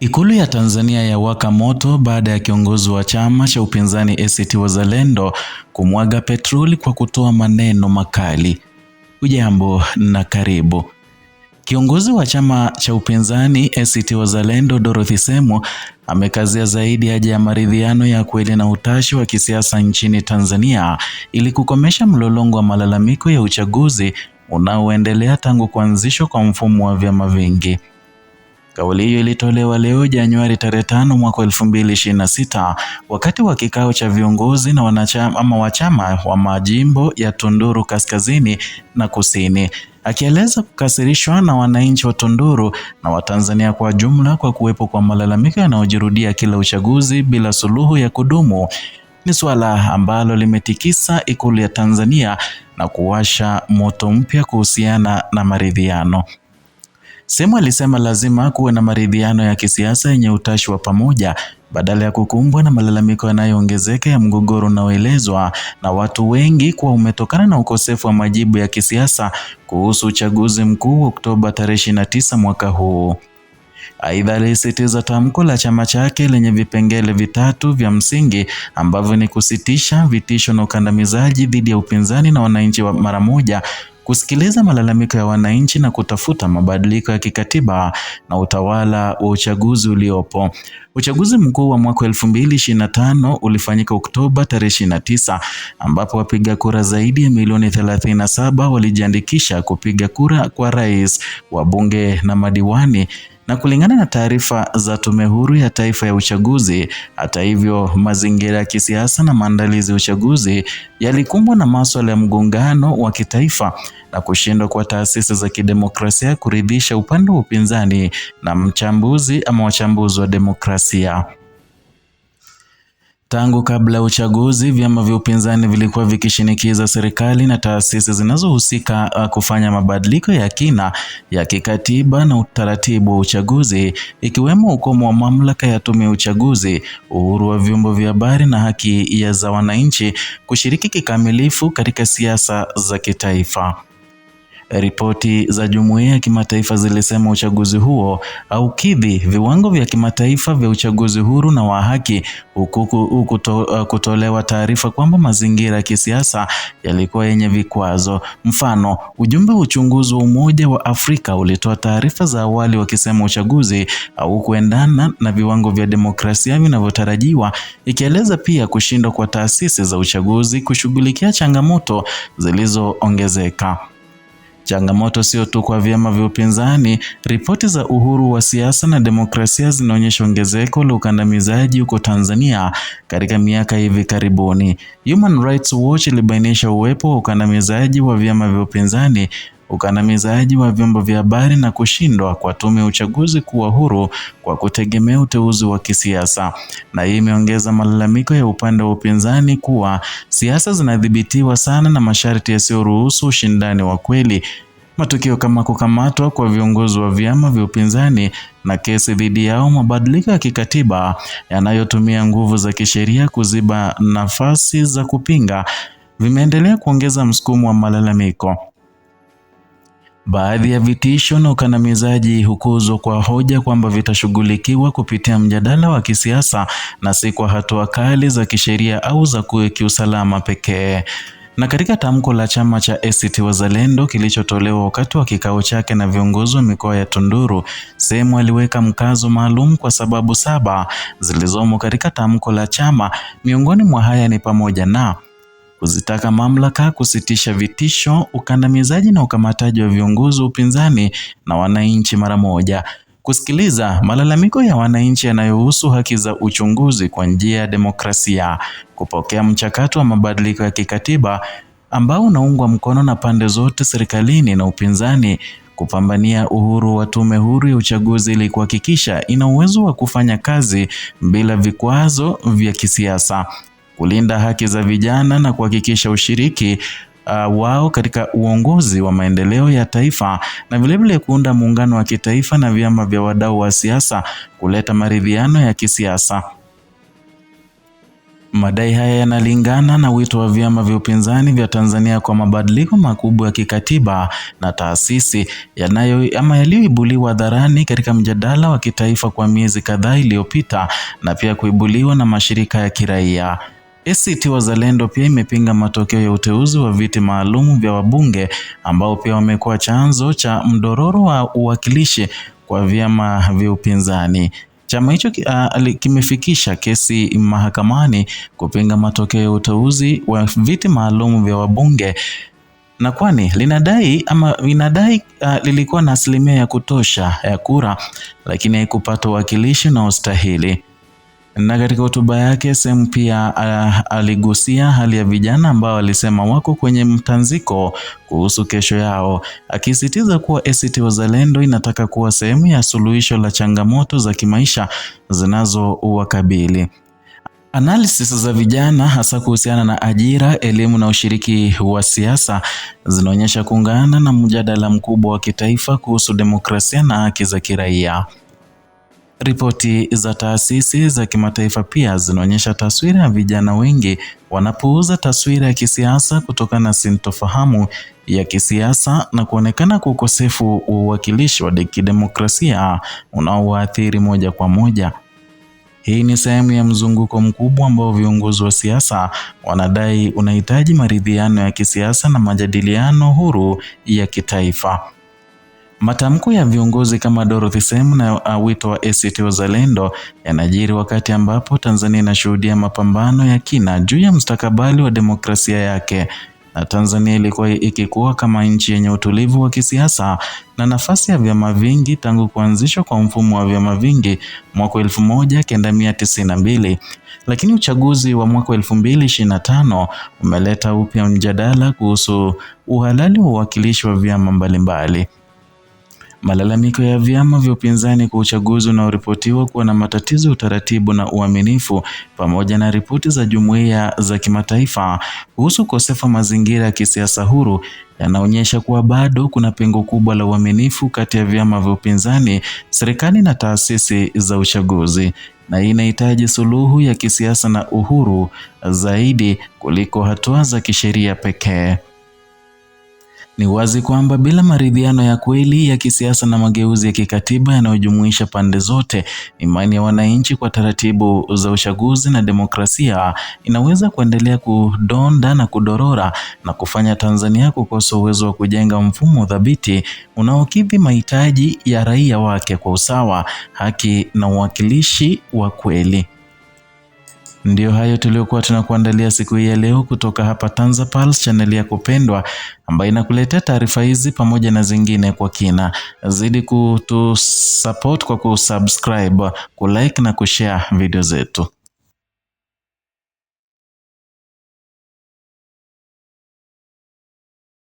Ikulu ya Tanzania yawaka moto baada ya kiongozi wa chama cha upinzani ACT Wazalendo kumwaga petroli kwa kutoa maneno makali. Ujambo na karibu. Kiongozi wa chama cha upinzani ACT Wazalendo Dorothy Semu amekazia zaidi haja ya maridhiano ya kweli na utashi wa kisiasa nchini Tanzania ili kukomesha mlolongo wa malalamiko ya uchaguzi unaoendelea tangu kuanzishwa kwa mfumo wa vyama vingi. Kauli hiyo ilitolewa leo Januari tarehe tano mwaka sita wakati wa kikao cha viongozi na wanachama ama wachama wa majimbo ya Tunduru kaskazini na kusini, akieleza kukasirishwa na wananchi wa Tunduru na Watanzania kwa jumla kwa kuwepo kwa malalamiko yanayojirudia kila uchaguzi bila suluhu ya kudumu. Ni suala ambalo limetikisa Ikulu ya Tanzania na kuwasha moto mpya kuhusiana na maridhiano. Semu alisema lazima kuwe na maridhiano ya kisiasa yenye utashi wa pamoja badala ya kukumbwa na malalamiko yanayoongezeka ya mgogoro unaoelezwa na watu wengi kuwa umetokana na ukosefu wa majibu ya kisiasa kuhusu uchaguzi mkuu Oktoba tarehe 29 mwaka huu. Aidha, alisitiza tamko la chama chake lenye vipengele vitatu vya msingi ambavyo ni kusitisha vitisho na ukandamizaji dhidi ya upinzani na wananchi wa mara moja, kusikiliza malalamiko ya wananchi na kutafuta mabadiliko ya kikatiba na utawala wa uchaguzi uliopo. Uchaguzi mkuu wa mwaka 2025 ulifanyika Oktoba tarehe 29 ambapo wapiga kura zaidi ya milioni 37 walijiandikisha kupiga kura kwa rais, wabunge na madiwani na kulingana na taarifa za Tume Huru ya Taifa ya Uchaguzi. Hata hivyo, mazingira ya kisiasa na maandalizi ya uchaguzi yalikumbwa na masuala ya mgongano wa kitaifa na kushindwa kwa taasisi za kidemokrasia kuridhisha upande wa upinzani na mchambuzi ama wachambuzi wa demokrasia. Tangu kabla ya uchaguzi, vyama vya upinzani vilikuwa vikishinikiza serikali na taasisi zinazohusika uh, kufanya mabadiliko ya kina ya kikatiba na utaratibu wa uchaguzi, ikiwemo ukomo wa mamlaka ya tume ya uchaguzi, uhuru wa vyombo vya habari na haki ya za wananchi kushiriki kikamilifu katika siasa za kitaifa. Ripoti za jumuiya ya kimataifa zilisema uchaguzi huo haukidhi viwango vya kimataifa vya uchaguzi huru na wa haki, huku kuto, uh, kutolewa taarifa kwamba mazingira ya kisiasa yalikuwa yenye vikwazo. Mfano, ujumbe wa uchunguzi wa Umoja wa Afrika ulitoa taarifa za awali wakisema uchaguzi haukuendana na viwango vya demokrasia vinavyotarajiwa, ikieleza pia kushindwa kwa taasisi za uchaguzi kushughulikia changamoto zilizoongezeka. Changamoto sio tu kwa vyama vya upinzani. Ripoti za Uhuru wa Siasa na Demokrasia zinaonyesha ongezeko la ukandamizaji huko Tanzania katika miaka hivi karibuni. Human Rights Watch ilibainisha uwepo wa ukandamizaji wa vyama vya upinzani ukandamizaji wa vyombo vya habari na kushindwa kwa tume ya uchaguzi kuwa huru kwa kutegemea uteuzi wa kisiasa. Na hii imeongeza malalamiko ya upande wa upinzani kuwa siasa zinadhibitiwa sana na masharti yasiyoruhusu ushindani wa kweli. Matukio kama kukamatwa kwa viongozi wa vyama vya upinzani na kesi dhidi yao, mabadiliko ya kikatiba yanayotumia nguvu za kisheria kuziba nafasi za kupinga vimeendelea kuongeza msukumo wa malalamiko. Baadhi ya vitisho na ukandamizaji hukuzwa kwa hoja kwamba vitashughulikiwa kupitia mjadala wa kisiasa na si kwa hatua kali za kisheria au za kiusalama pekee. Na katika tamko la chama cha ACT Wazalendo kilichotolewa wakati wa kikao chake na viongozi wa mikoa ya Tunduru, sehemu aliweka mkazo maalum kwa sababu saba zilizomo katika tamko la chama. Miongoni mwa haya ni pamoja na kuzitaka mamlaka kusitisha vitisho, ukandamizaji na ukamataji wa viongozi wa upinzani na wananchi mara moja, kusikiliza malalamiko ya wananchi yanayohusu haki za uchunguzi kwa njia ya demokrasia, kupokea mchakato wa mabadiliko ya kikatiba ambao unaungwa mkono na pande zote serikalini na upinzani, kupambania uhuru wa tume huru ya uchaguzi ili kuhakikisha ina uwezo wa kufanya kazi bila vikwazo vya kisiasa kulinda haki za vijana na kuhakikisha ushiriki uh, wao katika uongozi wa maendeleo ya taifa na vilevile kuunda muungano wa kitaifa na vyama vya wadau wa siasa kuleta maridhiano ya kisiasa. Madai haya yanalingana na wito wa vyama vya upinzani vya Tanzania kwa mabadiliko makubwa ya kikatiba na taasisi yanayo ama yaliyoibuliwa hadharani katika mjadala wa kitaifa kwa miezi kadhaa iliyopita na pia kuibuliwa na mashirika ya kiraia. ACT Wazalendo pia imepinga matokeo ya uteuzi wa viti maalum vya wabunge ambao pia wamekuwa chanzo cha mdororo wa uwakilishi kwa vyama vya upinzani. Chama hicho ah, kimefikisha kesi mahakamani kupinga matokeo ya uteuzi wa viti maalum vya wabunge na kwani linadai ama linadai uh, lilikuwa na asilimia ya kutosha ya kura, lakini haikupata uwakilishi na ustahili. Na katika hotuba yake Sem pia uh, aligusia hali ya vijana ambao alisema wako kwenye mtanziko kuhusu kesho yao, akisisitiza kuwa ACT Wazalendo inataka kuwa sehemu ya suluhisho la changamoto za kimaisha zinazowakabili. Analysis za vijana hasa kuhusiana na ajira, elimu na ushiriki wa siasa zinaonyesha kuungana na mjadala mkubwa wa kitaifa kuhusu demokrasia na haki za kiraia. Ripoti za taasisi za kimataifa pia zinaonyesha taswira ya vijana wengi wanapuuza taswira ya kisiasa kutokana na sintofahamu ya kisiasa na kuonekana kwa ukosefu wa uwakilishi wa kidemokrasia unaowaathiri moja kwa moja. Hii ni sehemu ya mzunguko mkubwa ambao viongozi wa siasa wanadai unahitaji maridhiano ya kisiasa na majadiliano huru ya kitaifa. Matamko ya viongozi kama Dorothy Semu na uh, wito wa ACT Wazalendo yanajiri wakati ambapo Tanzania inashuhudia mapambano ya kina juu ya mustakabali wa demokrasia yake na Tanzania ilikuwa ikikuwa kama nchi yenye utulivu wa kisiasa na nafasi ya vyama vingi tangu kuanzishwa kwa mfumo wa vyama vingi mwaka 1992, lakini uchaguzi wa mwaka 2025 umeleta upya mjadala kuhusu uhalali wa uwakilishi wa vyama mbalimbali. Malalamiko ya vyama vya upinzani kwa uchaguzi unaoripotiwa kuwa na matatizo ya utaratibu na uaminifu, pamoja na ripoti za jumuiya za kimataifa kuhusu ukosefu wa mazingira ya kisiasa huru, yanaonyesha kuwa bado kuna pengo kubwa la uaminifu kati ya vyama vya upinzani, serikali na taasisi za uchaguzi na inahitaji suluhu ya kisiasa na uhuru zaidi kuliko hatua za kisheria pekee. Ni wazi kwamba bila maridhiano ya kweli ya kisiasa na mageuzi ya kikatiba yanayojumuisha pande zote, imani ya wananchi kwa taratibu za uchaguzi na demokrasia inaweza kuendelea kudonda na kudorora na kufanya Tanzania kukosa uwezo wa kujenga mfumo thabiti unaokidhi mahitaji ya raia wake kwa usawa, haki na uwakilishi wa kweli. Ndiyo hayo tuliokuwa tunakuandalia siku hii ya leo kutoka hapa TanzaPulse, chaneli ya kupendwa ambayo inakuletea taarifa hizi pamoja na zingine kwa kina. Zidi kutusupport kwa kusubscribe, kulike na kushare video zetu.